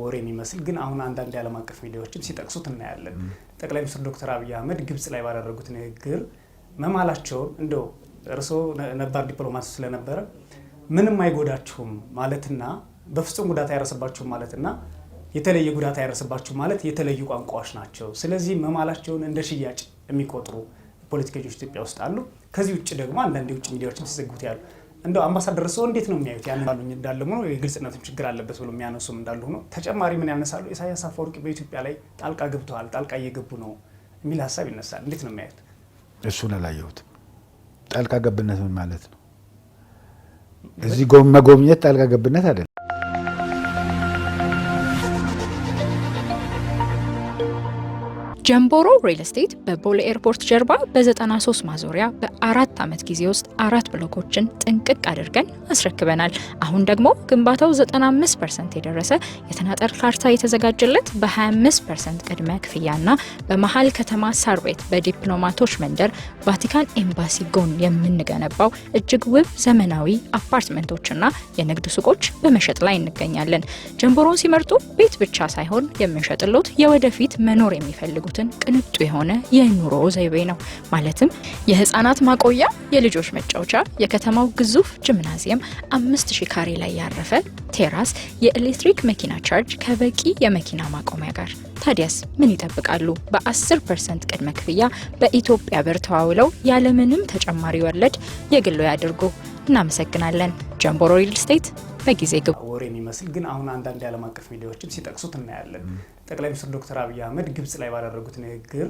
ወሬ የሚመስል ግን አሁን አንዳንድ የዓለም አቀፍ ሚዲያዎችም ሲጠቅሱት እናያለን። ጠቅላይ ሚኒስትር ዶክተር አብይ አህመድ ግብጽ ላይ ባደረጉት ንግግር መማላቸውን እንደው እርስዎ ነባር ዲፕሎማት ስለነበረ ምንም አይጎዳችሁም ማለትና በፍጹም ጉዳት አይረስባችሁም ማለትና የተለየ ጉዳት አይረስባችሁም ማለት የተለዩ ቋንቋዎች ናቸው። ስለዚህ መማላቸውን እንደ ሽያጭ የሚቆጥሩ ፖለቲከኞች ኢትዮጵያ ውስጥ አሉ። ከዚህ ውጭ ደግሞ አንዳንድ የውጭ ሚዲያዎችም ሲዘግቡት ያሉ እንደው አምባሳደር ሰው እንዴት ነው የሚያዩት? ያን ባሉኝ እንዳለ ሆኖ የግልጽነትም ችግር አለበት ብሎ የሚያነሱም እንዳሉ ሆኖ ተጨማሪ ምን ያነሳሉ? ኢሳያስ አፈወርቅ በኢትዮጵያ ላይ ጣልቃ ገብተዋል፣ ጣልቃ እየገቡ ነው የሚል ሀሳብ ይነሳል። እንዴት ነው የሚያዩት? እሱን አላየሁትም። ጣልቃ ገብነት ምን ማለት ነው? እዚህ መጎብኘት ጣልቃ ገብነት አይደለም። ጀምቦሮ ሪል ስቴት በቦሌ ኤርፖርት ጀርባ በ93 ማዞሪያ በአራት ዓመት ጊዜ ውስጥ አራት ብሎኮችን ጥንቅቅ አድርገን አስረክበናል። አሁን ደግሞ ግንባታው 95 ፐርሰንት የደረሰ የተናጠር ካርታ የተዘጋጀለት በ25 ፐርሰንት ቅድመ ክፍያና በመሀል ከተማ ሳር ቤት በዲፕሎማቶች መንደር ቫቲካን ኤምባሲ ጎን የምንገነባው እጅግ ውብ ዘመናዊ አፓርትመንቶችና የንግድ ሱቆች በመሸጥ ላይ እንገኛለን። ጀምቦሮን ሲመርጡ ቤት ብቻ ሳይሆን የምንሸጥሎት የወደፊት መኖር የሚፈልጉ የሚያደርጉትን ቅንጡ የሆነ የኑሮ ዘይቤ ነው። ማለትም የህፃናት ማቆያ፣ የልጆች መጫወቻ፣ የከተማው ግዙፍ ጅምናዚየም፣ አምስት ሺ ካሬ ላይ ያረፈ ቴራስ፣ የኤሌክትሪክ መኪና ቻርጅ ከበቂ የመኪና ማቆሚያ ጋር። ታዲያስ ምን ይጠብቃሉ? በ10 ፐርሰንት ቅድመ ክፍያ በኢትዮጵያ ብር ተዋውለው ያለምንም ተጨማሪ ወለድ የግሎ ያድርጉ። እናመሰግናለን። ጀምቦሮ ሪል ስቴት በጊዜ ግቡ። ወሬ የሚመስል ግን አሁን አንዳንድ የዓለም አቀፍ ሚዲያዎችም ሲጠቅሱት እናያለን። ጠቅላይ ሚኒስትር ዶክተር አብይ አህመድ ግብጽ ላይ ባደረጉት ንግግር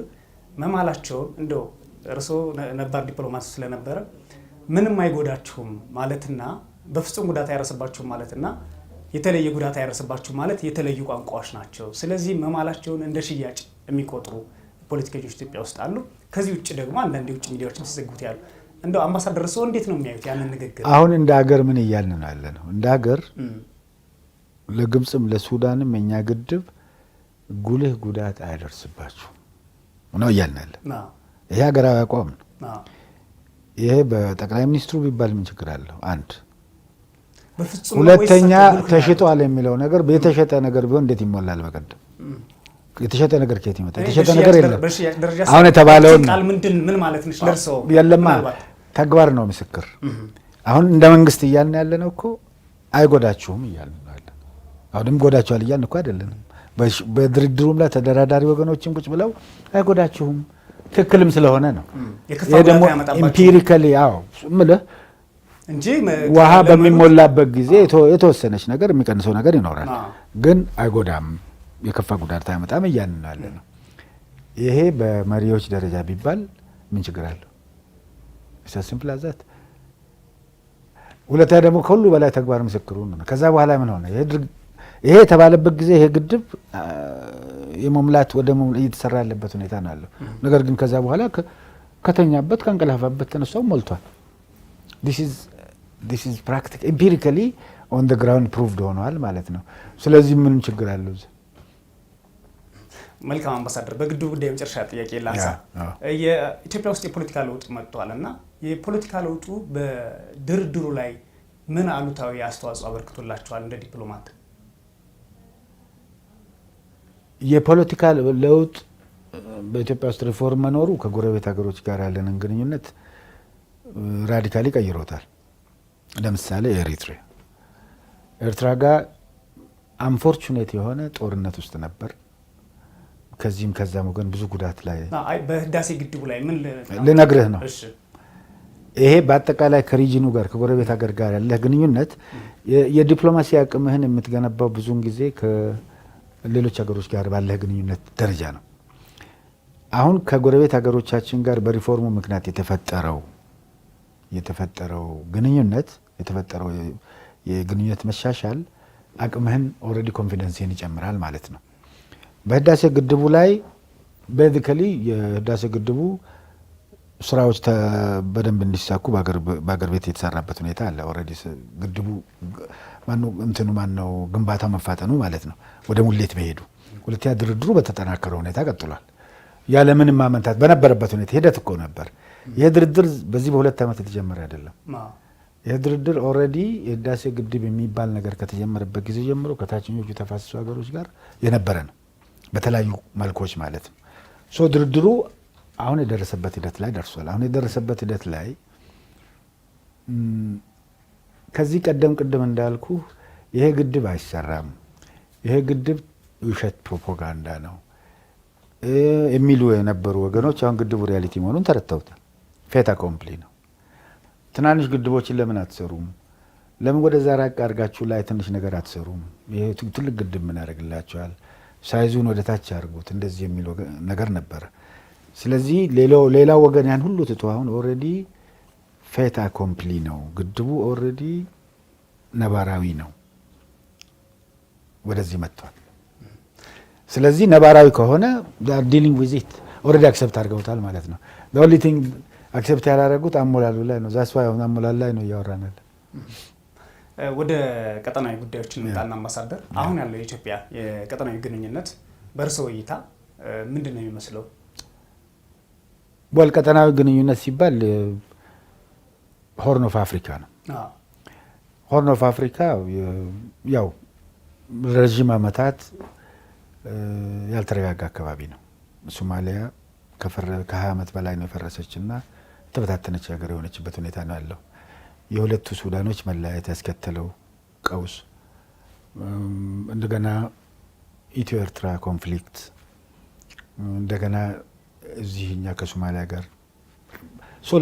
መማላቸውን እንደው እርስዎ ነባር ዲፕሎማት ስለነበረ ምንም አይጎዳችሁም ማለትና በፍጹም ጉዳት አያረስባችሁም ማለትና የተለየ ጉዳት አያረስባችሁም ማለት የተለዩ ቋንቋዎች ናቸው። ስለዚህ መማላቸውን እንደ ሽያጭ የሚቆጥሩ ፖለቲከኞች ኢትዮጵያ ውስጥ አሉ። ከዚህ ውጭ ደግሞ አንዳንድ የውጭ ሚዲያዎች ሲዘግቡት ያሉ እንደው አምባሳደር ሰው እንዴት ነው የሚያዩት ያንን ንግግር? አሁን እንደ ሀገር ምን እያልን ነው ያለ ነው? እንደ ሀገር ለግብፅም ለሱዳንም የኛ ግድብ ጉልህ ጉዳት አያደርስባችሁ ነው እያልናለ። ይሄ ሀገራዊ አቋም ነው። ይሄ በጠቅላይ ሚኒስትሩ ቢባል ምን ችግር አለው? አንድ ሁለተኛ፣ ተሽጧል የሚለው ነገር የተሸጠ ነገር ቢሆን እንዴት ይሞላል? በቀደም የተሸጠ ነገር ከየት ይመጣል? የተሸጠ ነገር የለም። አሁን የተባለውን የለማ ተግባር ነው ምስክር። አሁን እንደ መንግስት እያልን ያለ ነው እኮ አይጎዳችሁም እያልን አሁንም ጎዳችኋል እያልን እኮ አይደለንም በድርድሩም ላይ ተደራዳሪ ወገኖችም ቁጭ ብለው አይጎዳችሁም፣ ትክክልም ስለሆነ ነው። ይህ ደግሞ ኢምፒሪካሊ ምልህ እንጂ ውሃ በሚሞላበት ጊዜ የተወሰነች ነገር የሚቀንሰው ነገር ይኖራል፣ ግን አይጎዳም፣ የከፋ ጉዳት አይመጣም እያልን ነው ያለ ነው። ይሄ በመሪዎች ደረጃ ቢባል ምን ችግር አለው? ሲምፕላዛት ሁለተኛ ደግሞ ከሁሉ በላይ ተግባር ምስክሩ ነው። ከዛ በኋላ ምን ሆነ? ይሄ የተባለበት ጊዜ ይሄ ግድብ የመሙላት ወደ እየተሰራ ያለበት ሁኔታ ነው ያለው። ነገር ግን ከዛ በኋላ ከተኛበት ከእንቅልፋበት ተነሳው ሞልቷል። ዲስ ኢዝ ፕራክቲክ ኤምፒሪካሊ ኦን ደ ግራውንድ ፕሩቭድ ሆነዋል ማለት ነው። ስለዚህ ምንም ችግር አለው። መልካም አምባሳደር፣ በግድቡ ጉዳይ የመጨረሻ ጥያቄ ላንሳ። የኢትዮጵያ ውስጥ የፖለቲካ ለውጥ መጥቷል እና የፖለቲካ ለውጡ በድርድሩ ላይ ምን አሉታዊ አስተዋጽኦ አበርክቶላቸዋል እንደ ዲፕሎማት? የፖለቲካ ለውጥ በኢትዮጵያ ውስጥ ሪፎርም መኖሩ ከጎረቤት ሀገሮች ጋር ያለንን ግንኙነት ራዲካሊ ቀይሮታል። ለምሳሌ ኤሪትሬ ኤርትራ ጋር አንፎርቹኔት የሆነ ጦርነት ውስጥ ነበር። ከዚህም ከዛም ወገን ብዙ ጉዳት ላይ በህዳሴ ግድቡ ላይ ምን ልነግርህ ነው። ይሄ በአጠቃላይ ከሪጅኑ ጋር ከጎረቤት ሀገር ጋር ያለህ ግንኙነት የዲፕሎማሲ አቅምህን የምትገነባው ብዙውን ጊዜ ሌሎች ሀገሮች ጋር ባለህ ግንኙነት ደረጃ ነው። አሁን ከጎረቤት ሀገሮቻችን ጋር በሪፎርሙ ምክንያት የተፈጠረው የተፈጠረው ግንኙነት የተፈጠረው የግንኙነት መሻሻል አቅምህን ኦልሬዲ ኮንፊደንስን ይጨምራል ማለት ነው። በህዳሴ ግድቡ ላይ በዚከሊ የህዳሴ ግድቡ ስራዎች በደንብ እንዲሳኩ በአገር ቤት የተሰራበት ሁኔታ አለ። ኦልሬዲ ግድቡ ማነው እንትኑ ነው ግንባታ መፋጠኑ ማለት ነው ወደ ሙሌት መሄዱ። ሁለተኛ ድርድሩ በተጠናከረ ሁኔታ ቀጥሏል። ያለምንም ማመንታት በነበረበት ሁኔታ ሂደት እኮ ነበር። ይህ ድርድር በዚህ በሁለት ዓመት የተጀመረ አይደለም። ይህ ድርድር ኦልሬዲ የህዳሴ ግድብ የሚባል ነገር ከተጀመረበት ጊዜ ጀምሮ ከታችኞቹ ተፋሰሱ ሀገሮች ጋር የነበረ ነው፣ በተለያዩ መልኮች ማለት ነው። ሶ ድርድሩ አሁን የደረሰበት ሂደት ላይ ደርሷል። አሁን የደረሰበት ሂደት ላይ ከዚህ ቀደም ቅድም እንዳልኩ ይሄ ግድብ አይሰራም፣ ይሄ ግድብ ውሸት ፕሮፓጋንዳ ነው የሚሉ የነበሩ ወገኖች አሁን ግድቡ ሪያሊቲ መሆኑን ተረድተውታል። ፌታ ኮምፕሊ ነው። ትናንሽ ግድቦችን ለምን አትሰሩም? ለምን ወደዛ ራቅ አድርጋችሁ ላይ ትንሽ ነገር አትሰሩም? ይሄ ትልቅ ግድብ ምን ያደርግላቸዋል? ሳይዙን ወደ ታች አድርጉት፣ እንደዚህ የሚል ነገር ነበረ። ስለዚህ ሌላው ወገን ያን ሁሉ ትቶ አሁን ኦልሬዲ ፌታ ኮምፕሊ ነው። ግድቡ ኦልሬዲ ነባራዊ ነው፣ ወደዚህ መጥቷል። ስለዚህ ነባራዊ ከሆነ ዲሊንግ ዊዚት ኦልሬዲ አክሰፕት አድርገውታል ማለት ነው። ኦንሊ ቲንግ አክሰፕት ያላደረጉት አሞላሉ ላይ ነው። ዛስ ዋይ አሞላሉ ላይ ነው እያወራናል። ወደ ቀጠናዊ ጉዳዮች እንምጣና አምባሳደር፣ አሁን ያለው የኢትዮጵያ የቀጠናዊ ግንኙነት በእርስዎ እይታ ምንድን ነው የሚመስለው? ወል ቀጠናዊ ግንኙነት ሲባል ሆርን ኦፍ አፍሪካ ነው። ሆርን ኦፍ አፍሪካ ያው ረዥም ዓመታት ያልተረጋጋ አካባቢ ነው። ሶማሊያ ከ20 ዓመት በላይ ነው የፈረሰች እና ተበታተነች ሀገር የሆነችበት ሁኔታ ነው ያለው። የሁለቱ ሱዳኖች መለያየት ያስከተለው ቀውስ እንደገና ኢትዮ ኤርትራ ኮንፍሊክት እንደገና እዚህኛ ከሶማሊያ ጋር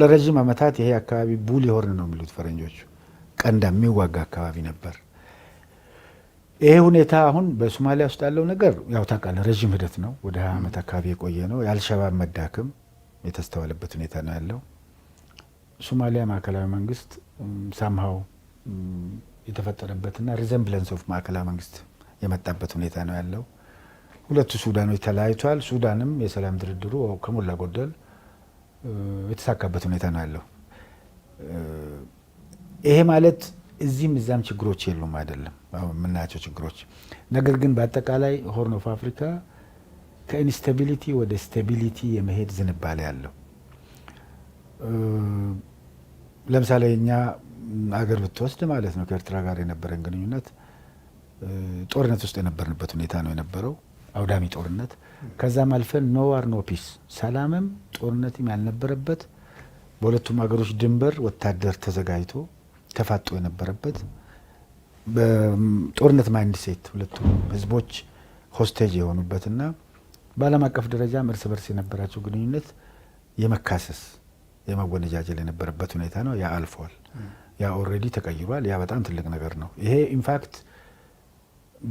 ለረዥም ዓመታት ይሄ አካባቢ ቡል የሆነ ነው የሚሉት ፈረንጆቹ ቀንዳ የሚዋጋ አካባቢ ነበር። ይሄ ሁኔታ አሁን በሶማሊያ ውስጥ ያለው ነገር ያው ታውቃለህ፣ ረዥም ሂደት ነው። ወደ ሀያ ዓመት አካባቢ የቆየ ነው። የአልሸባብ መዳክም የተስተዋለበት ሁኔታ ነው ያለው። ሶማሊያ ማዕከላዊ መንግስት ሳምሃው የተፈጠረበትና ሪዘምብለንስ ኦፍ ማዕከላዊ መንግስት የመጣበት ሁኔታ ነው ያለው። ሁለቱ ሱዳኖች ተለያይቷል። ሱዳንም የሰላም ድርድሩ ከሞላ ጎደል የተሳካበት ሁኔታ ነው ያለው። ይሄ ማለት እዚህም እዛም ችግሮች የሉም አይደለም፣ የምናያቸው ችግሮች። ነገር ግን በአጠቃላይ ሆርን ኦፍ አፍሪካ ከኢንስታቢሊቲ ወደ ስታቢሊቲ የመሄድ ዝንባሌ ያለው። ለምሳሌ እኛ አገር ብትወስድ ማለት ነው ከኤርትራ ጋር የነበረን ግንኙነት ጦርነት ውስጥ የነበርንበት ሁኔታ ነው የነበረው። አውዳሚ ጦርነት ከዛም አልፈን ኖ ዋር ኖ ፒስ ሰላምም ጦርነትም ያልነበረበት በሁለቱም ሀገሮች ድንበር ወታደር ተዘጋጅቶ ተፋጦ የነበረበት በጦርነት ማይንድ ሴት ሁለቱ ህዝቦች ሆስቴጅ የሆኑበትና በዓለም አቀፍ ደረጃም እርስ በርስ የነበራቸው ግንኙነት የመካሰስ የመወነጃጀል የነበረበት ሁኔታ ነው። ያ አልፏል። ያ ኦልሬዲ ተቀይሯል። ያ በጣም ትልቅ ነገር ነው። ይሄ ኢንፋክት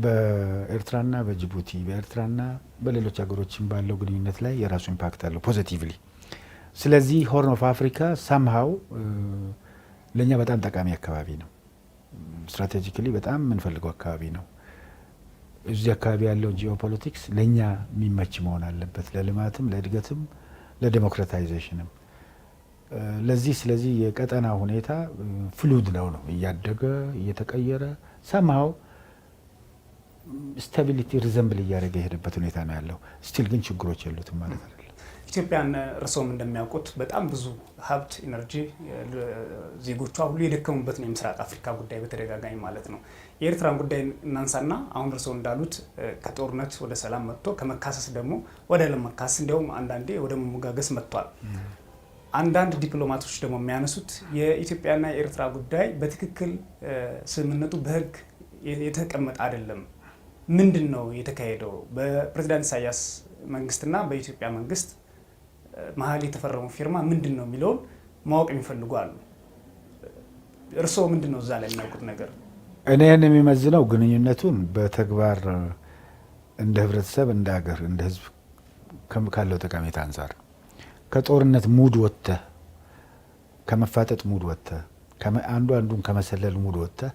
በኤርትራና በጅቡቲ በኤርትራና በሌሎች ሀገሮችም ባለው ግንኙነት ላይ የራሱ ኢምፓክት አለው ፖዚቲቭሊ። ስለዚህ ሆርን ኦፍ አፍሪካ ሳምሃው ለእኛ በጣም ጠቃሚ አካባቢ ነው። ስትራቴጂካሊ በጣም የምንፈልገው አካባቢ ነው። እዚህ አካባቢ ያለው ጂኦፖለቲክስ ለእኛ የሚመች መሆን አለበት፣ ለልማትም፣ ለእድገትም፣ ለዲሞክራታይዜሽንም ለዚህ ስለዚህ የቀጠና ሁኔታ ፍሉድ ነው ነው እያደገ እየተቀየረ ሰምሃው ስታቢሊቲ ሪዘምብል እያደረገ የሄደበት ሁኔታ ነው ያለው። ስቲል ግን ችግሮች የሉትም ማለት አይደለም። ኢትዮጵያን እርስዎም እንደሚያውቁት በጣም ብዙ ሀብት፣ ኢነርጂ ዜጎቿ ሁሉ የደከሙበት ነው የምስራቅ አፍሪካ ጉዳይ በተደጋጋሚ ማለት ነው። የኤርትራን ጉዳይ እናንሳና አሁን እርስዎ እንዳሉት ከጦርነት ወደ ሰላም መጥቶ ከመካሰስ ደግሞ ወደ ለመካሰስ እንዲያውም አንዳንዴ ወደ መሞጋገስ መጥቷል። አንዳንድ ዲፕሎማቶች ደግሞ የሚያነሱት የኢትዮጵያና የኤርትራ ጉዳይ በትክክል ስምምነቱ በህግ የተቀመጠ አይደለም ምንድን ነው የተካሄደው? በፕሬዚዳንት ኢሳያስ መንግስትና በኢትዮጵያ መንግስት መሀል የተፈረሙ ፊርማ ምንድን ነው የሚለውን ማወቅ የሚፈልጉ አሉ። እርስዎ ምንድን ነው እዛ ላይ የሚያውቁት ነገር? እኔን የሚመዝነው ግንኙነቱን በተግባር እንደ ህብረተሰብ፣ እንደ ሀገር፣ እንደ ህዝብ ካለው ጠቀሜታ አንጻር ከጦርነት ሙድ ወተ ከመፋጠጥ ሙድ ወተ አንዱ አንዱን ከመሰለል ሙድ ወጥተህ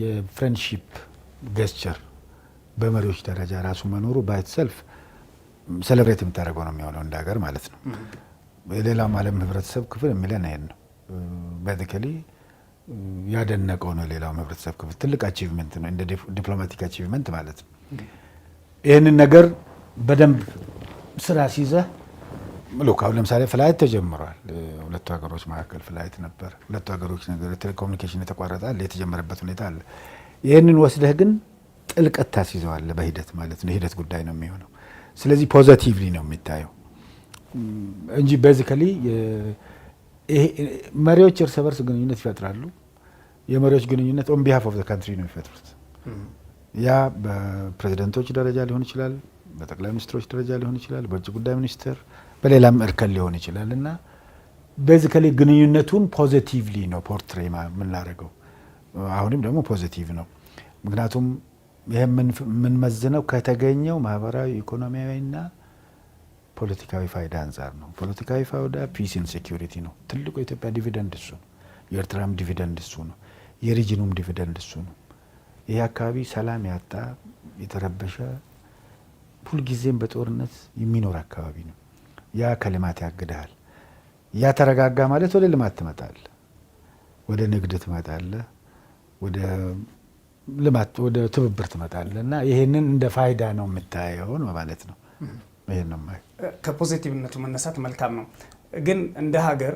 የፍሬንድሺፕ ገስቸር በመሪዎች ደረጃ ራሱ መኖሩ ባይትሰልፍ ሴሌብሬት የምታደርገው ነው የሚሆነው እንደ ሀገር ማለት ነው። የሌላውም ዓለም ህብረተሰብ ክፍል የሚለን ይሄን ነው። በትክሊ ያደነቀው ነው ሌላው ህብረተሰብ ክፍል ትልቅ አቺቭመንት ነው፣ እንደ ዲፕሎማቲክ አቺቭመንት ማለት ነው። ይህንን ነገር በደንብ ስራ ሲይዘህ ልክ አሁን ለምሳሌ ፍላይት ተጀምሯል። ሁለቱ ሀገሮች መካከል ፍላይት ነበር። ሁለቱ ሀገሮች ነገር ቴሌኮሙኒኬሽን የተቋረጠ የተጀመረበት ሁኔታ አለ። ይህንን ወስደህ ግን ጥልቀት ታስይዘዋለህ በሂደት ማለት ነው። የሂደት ጉዳይ ነው የሚሆነው። ስለዚህ ፖዘቲቭሊ ነው የሚታየው እንጂ ቤዚካሊ መሪዎች እርስ በርስ ግንኙነት ይፈጥራሉ። የመሪዎች ግንኙነት ኦን ቢሃፍ ኦፍ ካንትሪ ነው የሚፈጥሩት። ያ በፕሬዚደንቶች ደረጃ ሊሆን ይችላል፣ በጠቅላይ ሚኒስትሮች ደረጃ ሊሆን ይችላል፣ በውጭ ጉዳይ ሚኒስትር፣ በሌላም እርከን ሊሆን ይችላል እና ቤዚካሊ ግንኙነቱን ፖዘቲቭሊ ነው ፖርትሬ የምናደርገው። አሁንም ደግሞ ፖዚቲቭ ነው። ምክንያቱም ይህ የምንመዝነው ከተገኘው ማህበራዊ ኢኮኖሚያዊና ፖለቲካዊ ፋይዳ አንጻር ነው። ፖለቲካዊ ፋይዳ ፒስን ሴኩሪቲ ነው። ትልቁ የኢትዮጵያ ዲቪደንድ እሱ ነው። የኤርትራም ዲቪደንድ እሱ ነው። የሪጅኑም ዲቪደንድ እሱ ነው። ይህ አካባቢ ሰላም ያጣ የተረበሸ ሁልጊዜም በጦርነት የሚኖር አካባቢ ነው። ያ ከልማት ያግድሃል። ያ ተረጋጋ ማለት ወደ ልማት ትመጣለህ፣ ወደ ንግድ ትመጣለህ። ወደ ልማት ወደ ትብብር ትመጣለ እና ይህንን እንደ ፋይዳ ነው የምታየው ማለት ነው። ይህን ነው ከፖዚቲቭነቱ መነሳት መልካም ነው። ግን እንደ ሀገር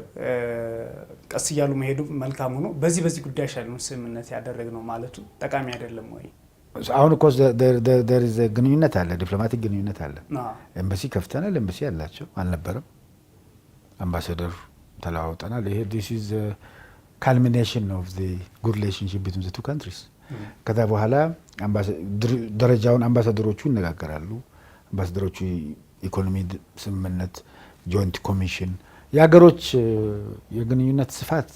ቀስ እያሉ መሄዱ መልካም ሆኖ በዚህ በዚህ ጉዳይ ሻለን ስምምነት ያደረግ ነው ማለቱ ጠቃሚ አይደለም ወይ? አሁን እኮ ግንኙነት አለ፣ ዲፕሎማቲክ ግንኙነት አለ። ኤምባሲ ከፍተናል። ኤምባሲ ያላቸው አልነበረም። አምባሳደር ተለዋውጠናል። ይሄ ዲስ ካልሚኔሽን ዘ ጉድ ሪሌሽንሽፕ ቢትዊን ዘ ቱ ካንትሪስ። ከዛ በኋላ ደረጃውን አምባሳደሮቹ ይነጋገራሉ። አምባሳደሮቹ ኢኮኖሚ ስምምነት፣ ጆይንት ኮሚሽን የሀገሮች የግንኙነት ስፋት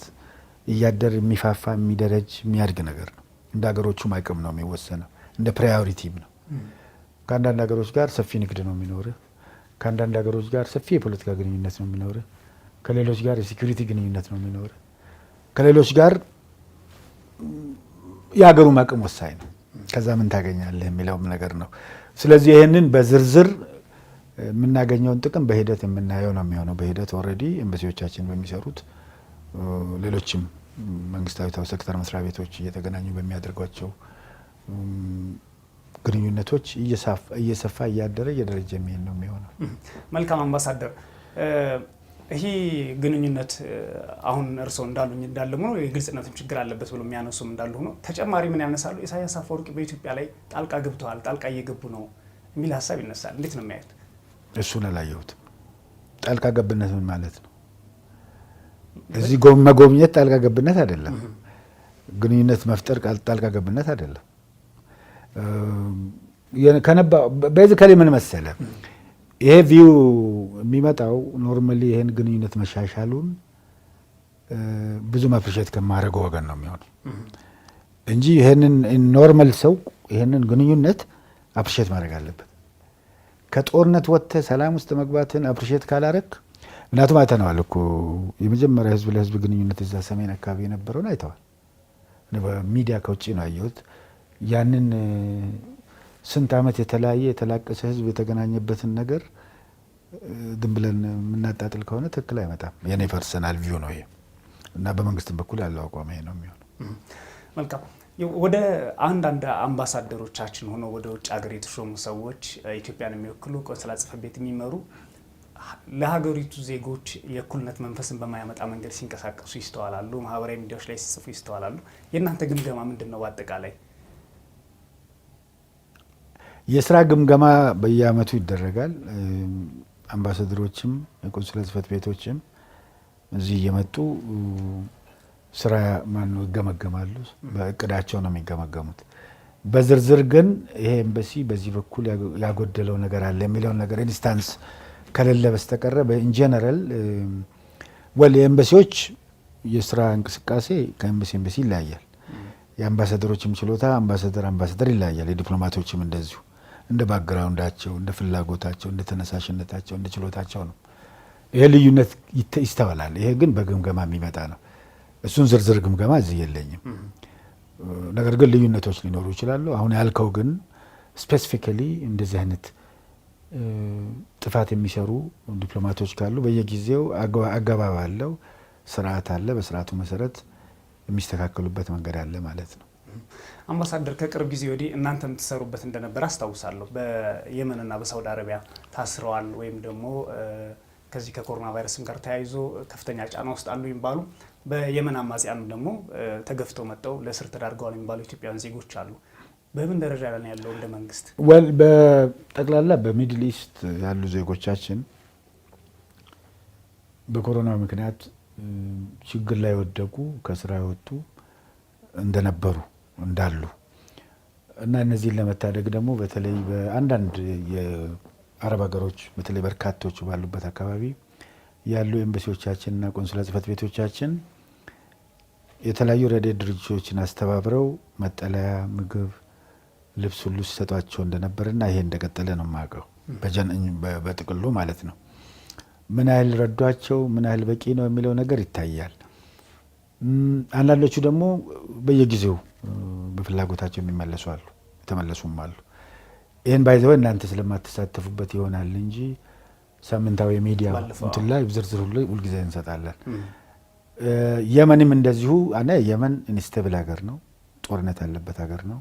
እያደር የሚፋፋ የሚደረጅ የሚያድግ ነገር ነው። እንደ ሀገሮቹም አቅም ነው የሚወሰነው፣ እንደ ፕራዮሪቲም ነው። mm-hmm. ከአንዳንድ ሀገሮች ጋር ሰፊ ንግድ ነው የሚኖርህ። ከአንዳንድ ሀገሮች ጋር ሰፊ የፖለቲካ ግንኙነት ነው የሚኖርህ። ከሌሎች ጋር የሴኩሪቲ ግንኙነት ነው የሚኖርህ። ከሌሎች ጋር የሀገሩ መቅም ወሳኝ ነው። ከዛ ምን ታገኛለህ የሚለውም ነገር ነው። ስለዚህ ይህንን በዝርዝር የምናገኘውን ጥቅም በሂደት የምናየው ነው የሚሆነው። በሂደት ኦልሬዲ ኤምባሲዎቻችን በሚሰሩት ሌሎችም መንግስታዊ ሴክተር መስሪያ ቤቶች እየተገናኙ በሚያደርጓቸው ግንኙነቶች እየሰፋ እያደረ እየደረጀ የሚሄድ ነው የሚሆነው። መልካም አምባሳደር ይሄ ግንኙነት አሁን እርስዎ እንዳሉኝ እንዳለ ሆኖ የግልጽነትም ችግር አለበት ብሎ የሚያነሱም እንዳሉ ሆኖ ተጨማሪ ምን ያነሳሉ? ኢሳያስ አፈወርቂ በኢትዮጵያ ላይ ጣልቃ ገብተዋል፣ ጣልቃ እየገቡ ነው የሚል ሀሳብ ይነሳል። እንዴት ነው የሚያዩት? እሱን አላየሁትም። ጣልቃ ገብነት ምን ማለት ነው? እዚህ መጎብኘት ጣልቃ ገብነት አይደለም። ግንኙነት መፍጠር ጣልቃ ገብነት አይደለም። ከነባ በዚህ ከሌ ምን መሰለ ይሄ ቪው የሚመጣው ኖርማሊ ይሄን ግንኙነት መሻሻሉን ብዙ መፍርሸት ከማድረገው ወገን ነው የሚሆን እንጂ ይሄንን ኖርማል ሰው ይሄንን ግንኙነት አፕሪሼት ማድረግ አለበት። ከጦርነት ወጥተ ሰላም ውስጥ መግባትን አፕሪሼት ካላረክ ምክንያቱም አይተነዋል እኮ የመጀመሪያ ህዝብ ለህዝብ ግንኙነት እዛ ሰሜን አካባቢ የነበረውን አይተዋል። በሚዲያ ከውጭ ነው ያየሁት ያንን ስንት ዓመት የተለያየ የተላቀሰ ህዝብ የተገናኘበትን ነገር ድን ብለን የምናጣጥል ከሆነ ትክክል አይመጣም። የኔ ፐርሰናል ቪው ነው ይሄ እና በመንግስትም በኩል ያለው አቋም ይሄ ነው የሚሆነው። መልካም ወደ አንዳንድ አምባሳደሮቻችን ሆነው ወደ ውጭ ሀገር የተሾሙ ሰዎች ኢትዮጵያን የሚወክሉ ቆንስላ ጽሕፈት ቤት የሚመሩ ለሀገሪቱ ዜጎች የእኩልነት መንፈስን በማያመጣ መንገድ ሲንቀሳቀሱ ይስተዋላሉ። ማህበራዊ ሚዲያዎች ላይ ሲጽፉ ይስተዋላሉ። የእናንተ ግምገማ ምንድን ነው? በአጠቃላይ የስራ ግምገማ በየአመቱ ይደረጋል። አምባሳደሮችም የቆንስላ ጽህፈት ቤቶችም እዚህ እየመጡ ስራ ማነው ይገመገማሉ። በእቅዳቸው ነው የሚገመገሙት። በዝርዝር ግን ይሄ ኤምባሲ በዚህ በኩል ያጎደለው ነገር አለ የሚለውን ነገር ኢንስታንስ ከሌለ በስተቀረ በኢንጀነራል ወል የኤምባሲዎች የስራ እንቅስቃሴ ከኤምባሲ ኤምባሲ ይለያያል። የአምባሳደሮችም ችሎታ አምባሳደር አምባሳደር ይለያያል። የዲፕሎማቶችም እንደዚሁ እንደ ባክግራውንዳቸው፣ እንደ ፍላጎታቸው፣ እንደ ተነሳሽነታቸው፣ እንደ ችሎታቸው ነው። ይሄ ልዩነት ይስተዋላል። ይሄ ግን በግምገማ የሚመጣ ነው። እሱን ዝርዝር ግምገማ እዚህ የለኝም። ነገር ግን ልዩነቶች ሊኖሩ ይችላሉ። አሁን ያልከው ግን ስፔሲፊካሊ እንደዚህ አይነት ጥፋት የሚሰሩ ዲፕሎማቶች ካሉ በየጊዜው አገባብ አለው፣ ስርዓት አለ። በስርዓቱ መሰረት የሚስተካከሉበት መንገድ አለ ማለት ነው። አምባሳደር ከቅርብ ጊዜ ወዲህ እናንተ የምትሰሩበት እንደነበር አስታውሳለሁ። በየመንና በሳውዲ አረቢያ ታስረዋል ወይም ደግሞ ከዚህ ከኮሮና ቫይረስም ጋር ተያይዞ ከፍተኛ ጫና ውስጥ አሉ የሚባሉ በየመን አማጽያኑ ደግሞ ተገፍተው መጠው ለእስር ተዳርገዋል የሚባሉ ኢትዮጵያውያን ዜጎች አሉ። በምን ደረጃ ላይ ያለው እንደ መንግስት? ወል በጠቅላላ በሚድል ኢስት ያሉ ዜጎቻችን በኮሮና ምክንያት ችግር ላይ ወደቁ፣ ከስራ የወጡ እንደነበሩ እንዳሉ እና እነዚህን ለመታደግ ደግሞ በተለይ በአንዳንድ የአረብ ሀገሮች በተለይ በርካቶች ባሉበት አካባቢ ያሉ ኤምባሲዎቻችንና ቆንስላ ጽህፈት ቤቶቻችን የተለያዩ ረድኤት ድርጅቶችን አስተባብረው መጠለያ፣ ምግብ፣ ልብስ ሁሉ ሲሰጧቸው እንደነበርና ይሄ እንደቀጠለ ነው የማውቀው በጥቅሉ ማለት ነው። ምን ያህል ረዷቸው፣ ምን ያህል በቂ ነው የሚለው ነገር ይታያል። አንዳንዶቹ ደግሞ በየጊዜው በፍላጎታቸው የሚመለሱ አሉ፣ የተመለሱም አሉ። ይህን ባይዘወ እናንተ ስለማትሳተፉበት ይሆናል እንጂ ሳምንታዊ የሚዲያ እንትን ላይ ዝርዝር ሁሉ ሁልጊዜ እንሰጣለን። የመንም እንደዚሁ አ የመን ኢንስቴብል ሀገር ነው፣ ጦርነት ያለበት ሀገር ነው።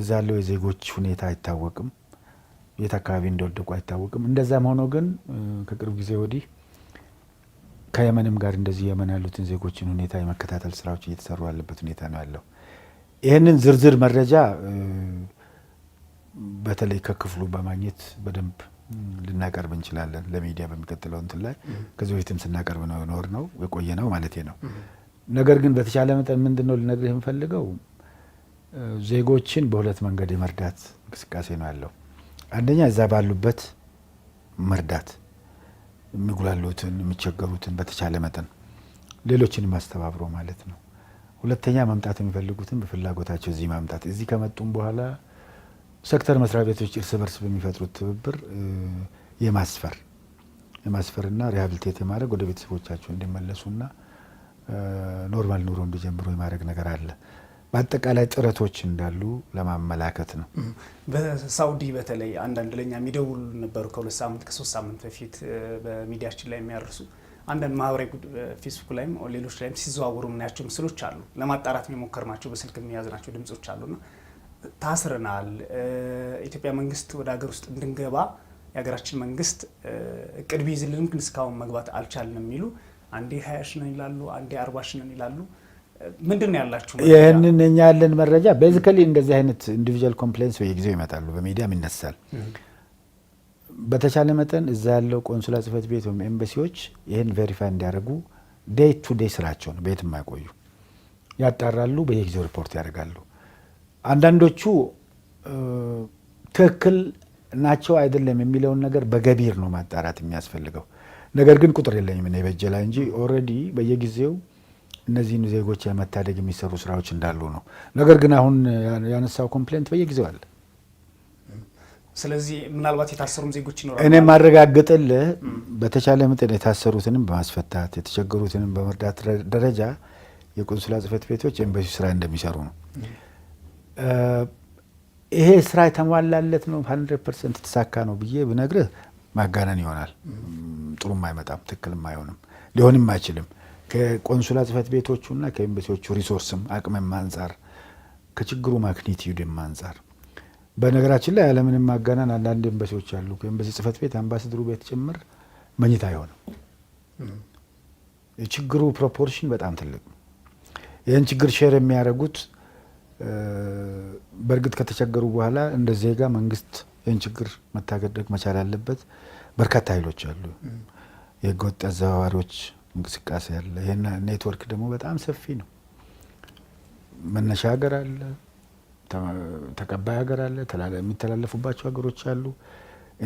እዛ ያለው የዜጎች ሁኔታ አይታወቅም፣ የት አካባቢ እንደወደቁ አይታወቅም። እንደዛም ሆኖ ግን ከቅርብ ጊዜ ወዲህ ከየመንም ጋር እንደዚህ የመን ያሉትን ዜጎችን ሁኔታ የመከታተል ስራዎች እየተሰሩ ያለበት ሁኔታ ነው ያለው። ይህንን ዝርዝር መረጃ በተለይ ከክፍሉ በማግኘት በደንብ ልናቀርብ እንችላለን ለሚዲያ በሚቀጥለው እንትን ላይ ከዚህ በፊትም ስናቀርብ ነው ኖር ነው የቆየ ነው ማለት ነው። ነገር ግን በተቻለ መጠን ምንድን ነው ልነግርህ የምፈልገው ዜጎችን በሁለት መንገድ የመርዳት እንቅስቃሴ ነው ያለው። አንደኛ እዛ ባሉበት መርዳት፣ የሚጉላሉትን የሚቸገሩትን በተቻለ መጠን ሌሎችንም አስተባብሮ ማለት ነው። ሁለተኛ መምጣት የሚፈልጉትን በፍላጎታቸው እዚህ ማምጣት እዚህ ከመጡም በኋላ ሴክተር መስሪያ ቤቶች እርስ በርስ በሚፈጥሩት ትብብር የማስፈር የማስፈርና ሪሃብሊቴት የማድረግ ወደ ቤተሰቦቻቸው እንዲመለሱና ኖርማል ኑሮ እንዲጀምሩ የማድረግ ነገር አለ። በአጠቃላይ ጥረቶች እንዳሉ ለማመላከት ነው። በሳውዲ በተለይ አንዳንድ ለኛ የሚደውሉ ነበሩ ከሁለት ሳምንት ከሶስት ሳምንት በፊት በሚዲያችን ላይ የሚያርሱ አንዳንድ ማህበራዊ ፌስቡክ ላይም ሌሎች ላይም ሲዘዋወሩ የምናያቸው ምስሎች አሉ። ለማጣራት የሞከርናቸው በስልክ የሚያዝናቸው ድምጾች አሉና ታስረናል፣ ኢትዮጵያ መንግስት ወደ ሀገር ውስጥ እንድንገባ የሀገራችን መንግስት እቅድ ቢይዝልንም ግን እስካሁን መግባት አልቻልንም የሚሉ አንዴ ሀያ ሺህ ነን ይላሉ፣ አንዴ አርባ ሺህ ነን ይላሉ። ምንድን ነው ያላችሁ? ይህንን እኛ ያለን መረጃ ቤዚካሊ እንደዚህ አይነት ኢንዲቪጁዋል ኮምፕሌንስ በየጊዜው ይመጣሉ፣ በሚዲያም ይነሳል። በተቻለ መጠን እዛ ያለው ቆንስላ ጽህፈት ቤት ወይም ኤምባሲዎች ይህን ቬሪፋይ እንዲያደርጉ ዴይ ቱ ዴይ ስራቸውን ቤት የማይቆዩ ያጣራሉ፣ በየጊዜው ሪፖርት ያደርጋሉ። አንዳንዶቹ ትክክል ናቸው አይደለም የሚለውን ነገር በገቢር ነው ማጣራት የሚያስፈልገው። ነገር ግን ቁጥር የለኝም እኔ በጄ ላይ እንጂ ኦልሬዲ በየጊዜው እነዚህን ዜጎች ለመታደግ የሚሰሩ ስራዎች እንዳሉ ነው። ነገር ግን አሁን ያነሳው ኮምፕሌንት በየጊዜው አለ። ስለዚህ ምናልባት የታሰሩም ዜጎች ይኖራሉ። እኔ ማረጋግጥልህ በተቻለ መጠን የታሰሩትንም በማስፈታት የተቸገሩትንም በመርዳት ደረጃ የቆንስላ ጽፈት ቤቶች ኤምባሲ ስራ እንደሚሰሩ ነው። ይሄ ስራ የተሟላለት ነው፣ ሀንድሬድ ፐርሰንት የተሳካ ነው ብዬ ብነግርህ ማጋነን ይሆናል። ጥሩም አይመጣም፣ ትክክልም አይሆንም፣ ሊሆንም አይችልም። ከቆንሱላ ጽሕፈት ቤቶቹና ከኤምባሲዎቹ ሪሶርስም አቅምም አንጻር ከችግሩ ማክኒቲዩድም አንጻር በነገራችን ላይ ያለምንም ማጋነን አንዳንድ ኤምባሲዎች አሉ። ኤምባሲ ጽህፈት ቤት አምባሳደሩ ቤት ጭምር መኝታ አይሆንም። የችግሩ ፕሮፖርሽን በጣም ትልቅ ይህን ችግር ሼር የሚያደርጉት በእርግጥ ከተቸገሩ በኋላ እንደ ዜጋ መንግስት ይህን ችግር መታገደግ መቻል አለበት። በርካታ ኃይሎች አሉ። የህገወጥ አዘዋዋሪዎች እንቅስቃሴ አለ። ይህ ኔትወርክ ደግሞ በጣም ሰፊ ነው። መነሻ ሀገር አለ ተቀባይ ሀገር አለ፣ የሚተላለፉባቸው ሀገሮች አሉ።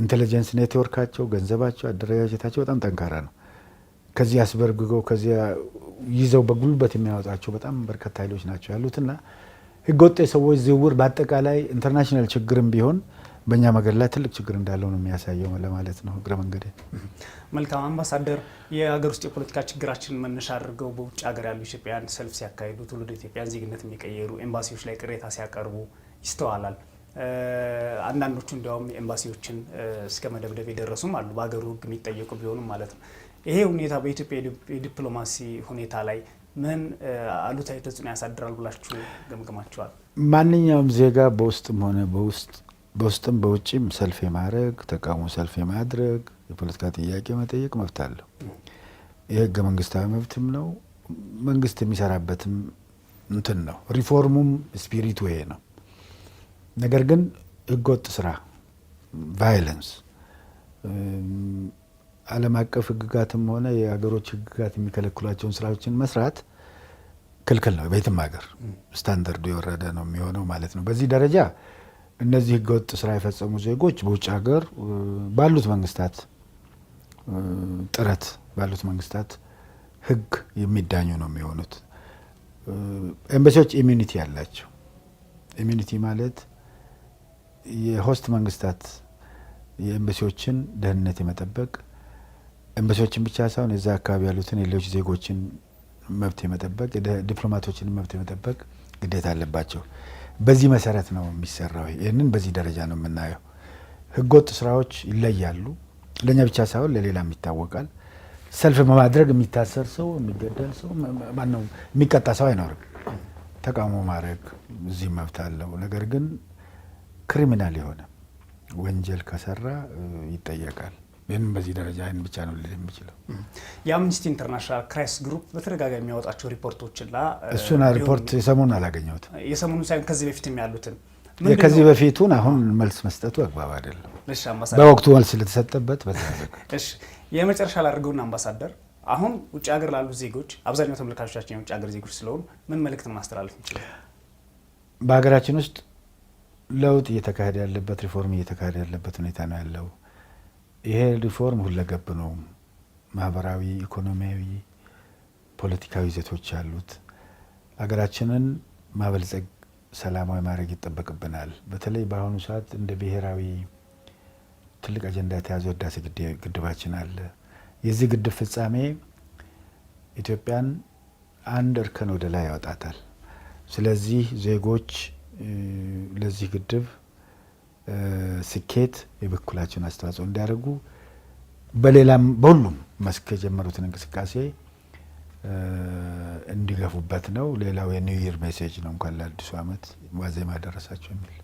ኢንቴሊጀንስ ኔትወርካቸው፣ ገንዘባቸው፣ አደረጃጀታቸው በጣም ጠንካራ ነው። ከዚህ አስበርግገው ከዚያ ይዘው በጉልበት የሚያወጣቸው በጣም በርካታ ኃይሎች ናቸው ያሉትና ህገወጥ የሰዎች ዝውውር በአጠቃላይ ኢንተርናሽናል ችግርም ቢሆን በእኛ መገድ ላይ ትልቅ ችግር እንዳለው ነው የሚያሳየው ለማለት ነው። እግረ መንገድ መልካም አምባሳደር፣ የሀገር ውስጥ የፖለቲካ ችግራችን መነሻ አድርገው በውጭ ሀገር ያሉ ኢትዮጵያውያን ሰልፍ ሲያካሂዱ ትውልድ ኢትዮጵያን ዜግነት የሚቀየሩ ኤምባሲዎች ላይ ቅሬታ ሲያቀርቡ ይስተዋላል። አንዳንዶቹ እንዲያውም ኤምባሲዎችን እስከ መደብደብ የደረሱም አሉ፣ በሀገሩ ሕግ የሚጠየቁ ቢሆኑም ማለት ነው። ይሄ ሁኔታ በኢትዮጵያ የዲፕሎማሲ ሁኔታ ላይ ምን አሉታዊ ተጽዕኖ ያሳድራል ብላችሁ ገምግማችኋል? ማንኛውም ዜጋ በውስጥም ሆነ በውስጥ በውስጥም በውጭም ሰልፍ የማድረግ ተቃውሞ ሰልፍ የማድረግ የፖለቲካ ጥያቄ መጠየቅ መብት አለው። የህገ መንግስታዊ መብትም ነው። መንግስት የሚሰራበትም እንትን ነው። ሪፎርሙም ስፒሪቱ ይሄ ነው። ነገር ግን ህገወጥ ስራ፣ ቫይለንስ ዓለም አቀፍ ህግጋትም ሆነ የሀገሮች ህግጋት የሚከለክሏቸውን ስራዎችን መስራት ክልክል ነው። ቤትም ሀገር ስታንዳርዱ የወረደ ነው የሚሆነው ማለት ነው። በዚህ ደረጃ እነዚህ ህገወጥ ስራ የፈጸሙ ዜጎች በውጭ ሀገር ባሉት መንግስታት ጥረት ባሉት መንግስታት ህግ የሚዳኙ ነው የሚሆኑት። ኤምባሲዎች ኢሚኒቲ ያላቸው ኢሚኒቲ ማለት የሆስት መንግስታት የኤምባሲዎችን ደህንነት የመጠበቅ ኤምባሲዎችን ብቻ ሳይሆን የዛ አካባቢ ያሉትን የሌሎች ዜጎችን መብት የመጠበቅ ዲፕሎማቶችን መብት የመጠበቅ ግዴታ አለባቸው። በዚህ መሰረት ነው የሚሰራው። ይህንን በዚህ ደረጃ ነው የምናየው። ህገወጥ ስራዎች ይለያሉ። ለእኛ ብቻ ሳይሆን ለሌላም ይታወቃል። ሰልፍ በማድረግ የሚታሰር ሰው፣ የሚገደል ሰው፣ ማነው የሚቀጣ ሰው አይኖርም። ተቃውሞ ማድረግ እዚህ መብት አለው። ነገር ግን ክሪሚናል የሆነ ወንጀል ከሰራ ይጠየቃል። ይህንም በዚህ ደረጃ ይህን ብቻ ነው ልል የሚችለው። የአምኒስቲ ኢንተርናሽናል ክራይስ ግሩፕ በተደጋጋሚ የሚያወጣቸው ሪፖርቶችና እሱን ሪፖርት የሰሞኑን አላገኘሁትም። የሰሞኑን ሳይሆን ከዚህ በፊትም ያሉትን ከዚህ በፊቱን አሁን መልስ መስጠቱ አግባብ አይደለም። በወቅቱ መልስ ስለተሰጠበት በዛ የመጨረሻ ላድርገውን አምባሳደር አሁን ውጭ ሀገር ላሉ ዜጎች አብዛኛው ተመልካቾቻችን የውጭ ሀገር ዜጎች ስለሆኑ ምን መልእክት ማስተላለፍ እንችላል? በሀገራችን ውስጥ ለውጥ እየተካሄደ ያለበት ሪፎርም እየተካሄደ ያለበት ሁኔታ ነው ያለው። ይሄ ሪፎርም ሁለገብ ነው። ማህበራዊ፣ ኢኮኖሚያዊ፣ ፖለቲካዊ ይዘቶች ያሉት ሀገራችንን ማበልጸግ ሰላማዊ ማድረግ ይጠበቅብናል። በተለይ በአሁኑ ሰዓት እንደ ብሔራዊ ትልቅ አጀንዳ የተያዘ ህዳሴ ግድባችን አለ። የዚህ ግድብ ፍጻሜ ኢትዮጵያን አንድ እርከን ወደ ላይ ያወጣታል። ስለዚህ ዜጎች ለዚህ ግድብ ስኬት የበኩላቸውን አስተዋጽኦ እንዲያደርጉ በሌላም በሁሉም መስክ የጀመሩትን እንቅስቃሴ እንዲገፉበት ነው። ሌላው የኒው ይር ሜሴጅ ነው። እንኳን ለአዲሱ ዓመት ዋዜማ ደረሳቸው የሚል